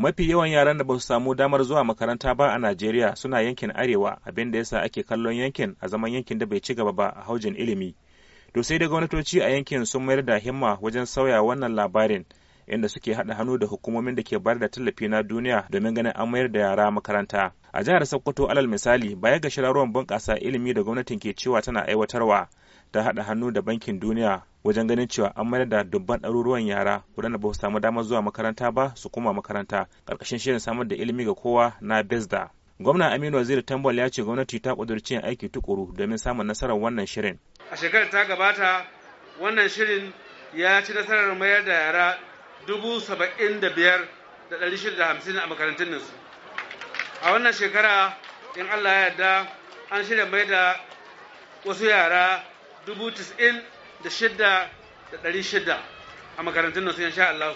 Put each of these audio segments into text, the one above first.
mafi yawan yaran da ba su samu damar zuwa makaranta ba a najeriya suna yankin arewa abin da yasa ake kallon yankin a zaman yankin da bai ci gaba ba a haujin ilimi to sai da gwamnatoci a yankin sun mayar da himma wajen sauya wannan labarin inda suke haɗa hannu da hukumomin da ke bayar da tallafi na duniya domin ganin an mayar da yara makaranta a jihar sokoto alal misali baya ga shirarwar bunƙasa ilimi da gwamnatin ke cewa tana aiwatarwa ta haɗa hannu da bankin duniya wajen ganin cewa an mayar da dubban ɗaruruwan yara waɗanda ba su samu damar zuwa makaranta ba su koma makaranta ƙarƙashin shirin samar da ilimi ga kowa na bezda gwamna aminu waziri tambal ya ce gwamnati ta ƙudurci yin aiki tukuru domin samun nasarar wannan shirin a shekarar ta gabata wannan shirin ya ci nasarar mayar da yara dubu saba'in da biyar da ɗari shida da hamsin a makarantun nasu a wannan shekara in allah ya yarda an shirya mai da wasu yara dubu tis'in da shidda da ɗari shidda a makarantun nasu insha Allah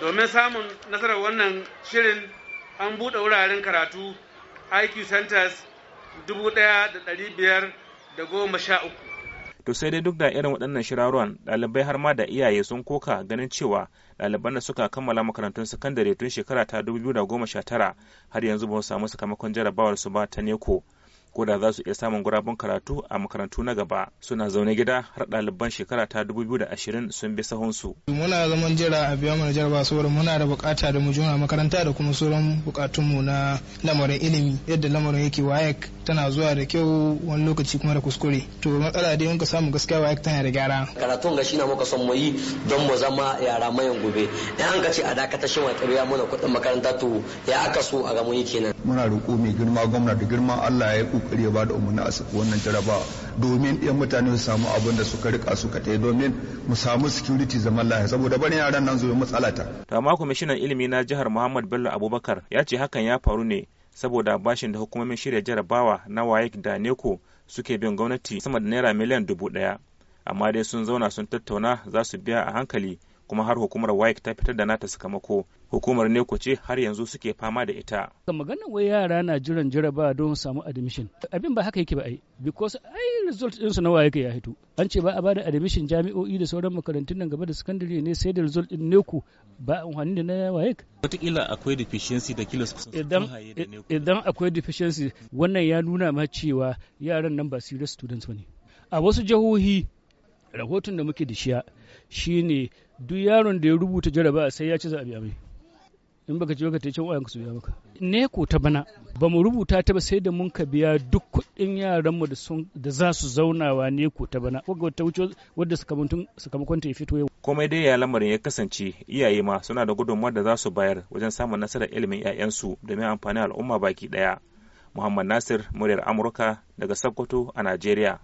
domin samun nasarar wannan shirin an buɗe wuraren karatu IQ centers dubu to sai dai duk da irin waɗannan shirarwan ɗalibai har ma da iyaye sun koka ganin cewa ɗaliban da suka kammala makarantun sakandare tun shekara ta 2019 har yanzu ba su samu sakamakon jarabawar su ba ta neko ko da za su iya samun gurabun karatu a makarantu na gaba suna zaune gida har ɗaliban shekara ta biyu da ashirin sun bi su. muna zaman jira a biya mana jarba saboda muna da bukata da mu juna makaranta da kuma sauran bukatun bukatunmu na lamarin ilimi yadda lamarin yake wayek tana zuwa da kyau wani lokaci kuma da kuskure to matsala dai muka samu gaskiya wayek tana da gyara. karatun ga shi na muka son mu yi don mu zama yara mayan gobe in an ka ce a dakata shin wa ya muna kuɗin makaranta to ya aka so a ga mun yi kenan. muna roƙo mai girma gwamna da girma Allah ya yi kokari ya ba da umarni a wannan jaraba domin ɗiyan mutane su samu abin da suka rika suka tai domin mu samu security zaman lafiya saboda barin yaran nan zuwa matsala ta. ta amma kwamishinan ilimi na jihar Muhammad Bello Abubakar ya ce hakan ya faru ne saboda bashin da hukumomin shirya jarabawa na WAEC da NECO suke bin gwamnati sama da naira miliyan dubu ɗaya. Amma dai sun zauna sun tattauna za su biya a hankali kuma har hukumar WAEC ta fitar da nata sakamako hukumar ne ce har yanzu suke fama da ita. Ga maganar wai yara na jiran jaraba don samu admission. Abin ba haka yake ba ai because ai result su na waye ya hito. An ce ba a bada admission jami'o'i da sauran makarantun nan gaba da secondary ne sai da result din neku ba amfani da na waye. Wataƙila akwai deficiency da kilos idan idan akwai deficiency wannan ya nuna ma cewa yaran nan ba serious students bane. A wasu jihohi rahoton da muke da shiya shine duk yaron da ya rubuta jaraba sai ya ci mai in baka ci baka ta ce wayanka su biya maka ne ko ta bana ba mu rubuta ta ba sai da mun ka biya duk kuɗin yaranmu da sun da za su zaunawa ne ko ta bana ko ta wuce wadda sakamakon ta ya fito yau komai dai ya lamarin ya kasance iyaye ma suna da gudunmawar da za su bayar wajen samun nasarar ilimin 'ya'yansu domin amfanin al'umma baki ɗaya muhammad nasir muryar amurka daga sokoto a najeriya